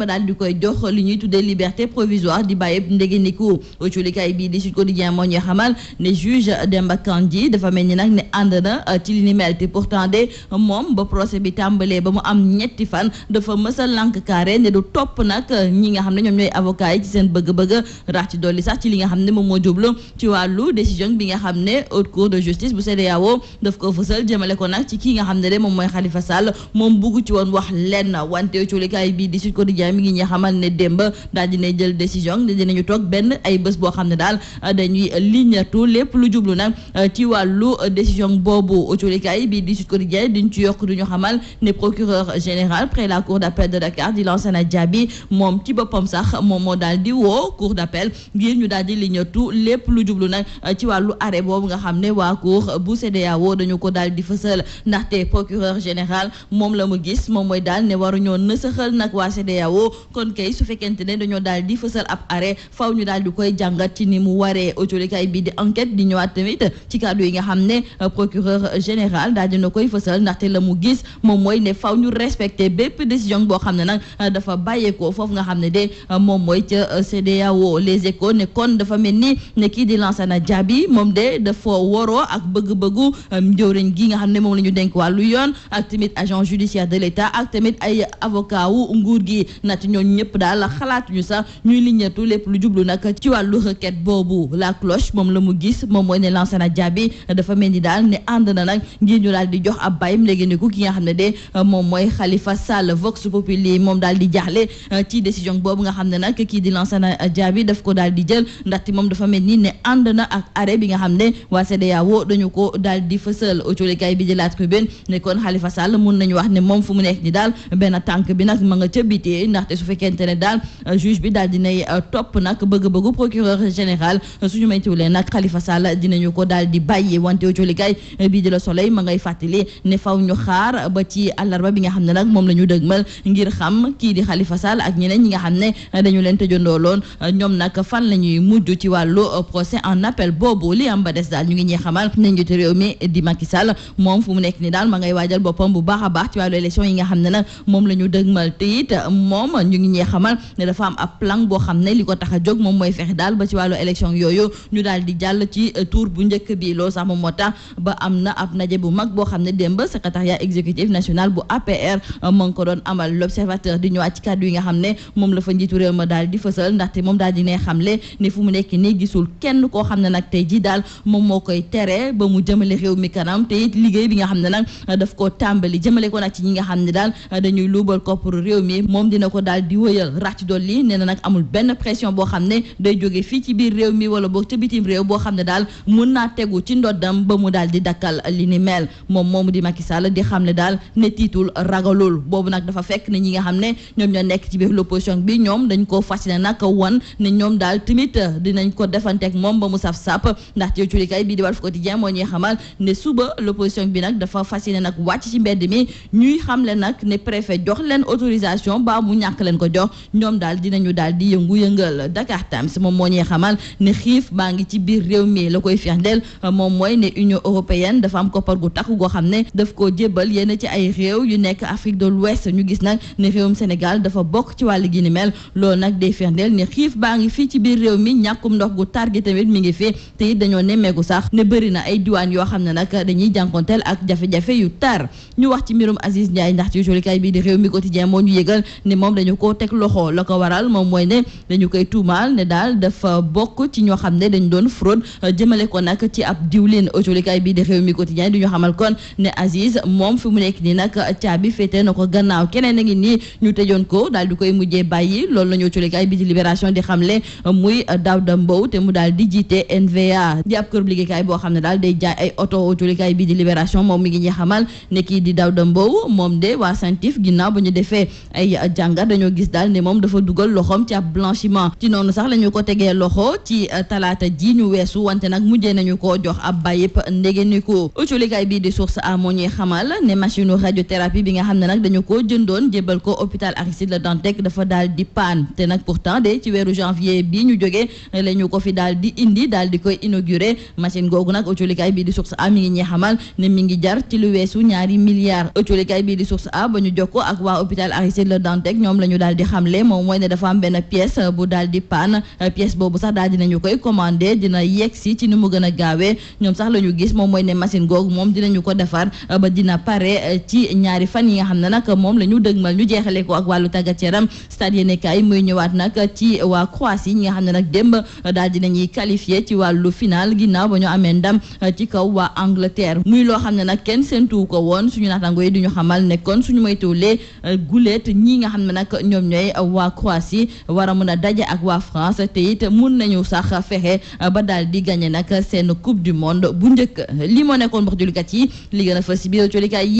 ba daal di koy jox li ñuy tuddee liberté provisoire di bàyyi ndegeniku culikaay bii moo ñuy xamal ne juge Demba Kandji dafa mel nag ne ànd na euh, ci li ni mel pourtant de moom ba procès bi tàmbalee ba mu am ñetti fan dafa mës a lànk carré ne du topp nag euh, ñi nga xam ne ñoom ñooy avocat yi ci seen bëgg-bëgg rax ci dolli sax ci li nga xam ne moom moo jublu ci wàllu décision bi nga xam ne haute cour de justice bu CEDEAO daf ko fësal jëmale ko nag ci Quotidien mi ngi ñuy xamal ne démb daal dina jël décision dinañu toog benn ay bés boo xam ne daal dañuy liñatu lépp lu jublu nag euh, ci wàllu euh, décision boobu colikaay bi di Sud Quotidien diñ ci yokk duñu xamal ne procureur général près la cour d'appel de Dakar di Lansana Diaby moom ci boppam sax moom moo daal di woo cour d'appel ngir ñu daal di liñatu lépp lu jublu nag euh, ci wàllu arrêt boobu nga xam ne waa cour bu woo dañu ko daal di fësal ndaxte procureur général moom la mu gis moom mooy dal ne waruñoo nësaxal nag waa CEDEAO CEDEAO kon kay su fekkente ne dañoo daal di fësal ab arrêt faw ñu daal di koy jàngat ci ni mu waree autolikaay bii di enquête di ñëwaat tamit ci kàddu yi nga xam ne euh, procureur général daal dina koy fësal ndaxte la mu gis moom mooy ne faw ñu respecté bépp décision boo xam ne nag euh, dafa bàyyeekoo foofu nga xam ne de euh, moom mooy ca CEDEAO les échos ne kon dafa mel ni ne kii di Lansana Diaby moom de dafa waroo ak bëgg-bëggu njëriñ gi nga xam ne moom la ñu dénk wàllu yoon ak tamit agent judiciaire de l'État ak tamit ay avocat wu gi nat ñooñu ñëpp daal xalaatuñu sax ñuy liñetu lépp lu jublu nag ci wàllu requête boobu la cloche moom la mu gis moom mooy ne Lansana Diaby dafa mel ni daal ne ànd na nag ngir ñu di jox ab bayim léegi ni ku ki nga xam ne de moom mooy Khalifa Sall Vox Populi moom daal di jaaxle euh, ci décision boobu nga xam ne nag kii di Lansana Diaby daf ko daal di jël ndaxte moom dafa mel ni ne ànd na ak arrêt bi nga xam ne waa CEDEAO dañu ko daal di fësal autolikaay bi di la tribune benn nekkoon xalifa Sall mun nañu wax ne moom fu mu nekk ni daal benn tànk bi nag ma nga ca bitee ndaxte su fekkente ne daal euh, juge bi daal dinay euh, topp nag bëgg-bëggu procureur général euh, suñu maytiwulee nag Khalifa Sall dinañu ko daal di bàyyi wante colikaay bii di la soleil ma ngay fàttali ne faw ñu xaar ba ci àllarba bi nga xam ne nag moom la ñu dëgmal ngir xam kii di Khalifa Sall ak ñeneen ñi nga xam ne dañu leen tëjandoo loon ñoom nag fan la ñuy mujj ci wàllu procès en appel li ba des daal ñu ngi ñee xamal di Macky Sall moom ni daal ma ngay waajal boppam bu baax a baax ci moom moom ñu ngi ñee xamal ne dafa am ab plan boo xam ne li ko tax a jóg moom mooy fexe daal ba ci wàllu élection yooyu ñu daal di jàll ci euh, tour bu njëkk bi loolu sax moom moo tax ba am na ab ndaje bu mag boo xam ne démb secrétariat exécutif national bu APR euh, moo ngi ko doon amal l'observateur di ñëwaat ci kàddu yi nga xam ne moom la fa njiitu réew ma daal di fësal ndaxte moom daal di ne xamle ne fu mu nekk nii gisul kenn koo xam ne nag tey ji daal moom moo koy tere ba mu jëmale réew mi kanam te liggéey bi nga xam ne nag euh, daf ko tàmbali jëmale ko nag ci ñi nga xam ne daal dañuy luubal kopparu na ko daal di wëyal ràcc dolli nee na nag amul benn pression boo xam ne day jóge fii ci biir réew mi wala boog ca bitim réew boo xam ne daal mun naa tegu ci ndoddam ba mu daal di dakkal li ni mel moom moomu di Macky Sall di xam ne daal ne tiitul ragalul boobu nag dafa fekk ne ñi nga xam ne ñoom ñoo nekk ci biir l'opposition bi ñoom dañ koo fas yéene nag wan ne ñoom daal tamit dinañ ko defanteek moom ba mu saf sàpp ndax ci culikay bii di Walf Quotidien moo ñuy xamal ne suba l'opposition bi nag dafa fas yéene nag wàcc ci mbedd mi ñuy xam le nag ne jox leen autorisation ñàkk leen ko jox ñoom daal dinañu daal di yëngu-yëngal Dakar Times moom moo ñuy xamal ne xiif baa ngi ci biir réew mii la koy firndeel moom mooy ne Union européenne dafa am koppar gu takku goo xam ne daf koo jébbal yenn ci ay réew yu nekk Afrique de l'Ouest ñu gis nag ne réewum Sénégal dafa bokk ci wàll gi ni mel loolu nag day firndeel ne xiif baa ngi fii ci biir réew mi ñàkkum ndox gu tar gi tamit mi ngi fi te it dañoo nemmeeku sax ne bari na ay diwaan yoo xam ne nag dañuy jànkonteel ak jafe-jafe yu tar ñu wax ci mbirum Aziz Ndiaye ndax ci jolikaay bi di réew mi moom dañu koo teg loxo la ko waral moom mooy ne dañu koy tuumaal ne daal dafa bokk ci ñoo xam ne dañ doon fraude euh, jëmale ko nag ci ab diwlin autolikaay bii di réew mi quotidien di xamal kon ne Aziz moom fi mu nekk nii nag caabi féete na ko gannaaw keneen a ngi nii ñu tëjoon ko daal di koy mujjee bàyyi loolu la ñu autolikaay bi di libération di xamle euh, muy euh, Daouda Mbow te mu daal di jiite NVA di ab kërub liggéeykaay boo xam ne daal day jaay ay oto autolikaay bi di libération moom mi ngi ñuy xamal ne kii di Daouda Mbow moom de waa Santif ginnaaw ba ñu defee ay jàng jàngat dañoo gis daal ne moom dafa dugal loxoom ci ab blanchiment ci noonu sax la ñu ko tegee loxo ci euh, talaata ji ñu weesu wante nag mujjee nañu ko jox ab bàyyip ndégéniku uculikaay bii di source a moo ñuy xamal ne machine radiothérapie bi nga xam ne nag dañu koo jëndoon jébbal ko hôpital Aristide Le Dantec dafa daal di paan te nag pourtant de ci weeru janvier bii ñu jógee la ñu ko fi daal di indi daal di koy inauguré machine googu nag uculikaay bii di source a mi ngi ñuy xamal ne mi ngi jar ci lu weesu ñaari milliards uculikaay bii di source a ba ñu ko ak waa hôpital Aristide Le Dantec ñoom la ñu daal di xamle moom mooy ne dafa am benn pièce euh, bu daal di panne euh, pièce boobu sax daal dinañu koy commandé dina yegg si ci ni mu gën a ñoom sax la ñu gis moom mooy ne machine googu moom dinañu ko defar euh, ba dina pare ci ñaari fan yi nga xam ne nag moom la ñu dëgmal ñu jeexale ko ak wàllu tàggat yaram stade yéenekaay muy ñëwaat nag ci waa Croatie ñi nga xam ne nag démb daal dinañuy qualifié ci wàllu final ginnaaw ba ñu amee ndam ci kaw waa Angleterre muy loo xam ne nag kenn seentuwu ko woon suñu naataango yi di nag ñoom ñooy waa Croatie war a mën a daje ak waa France te it mun nañu sax fexe ba daal di gagné nag seen coupe du monde bu njëkk lii moo nekkoon mbox julikat yi li na a fës si biir colikaay yi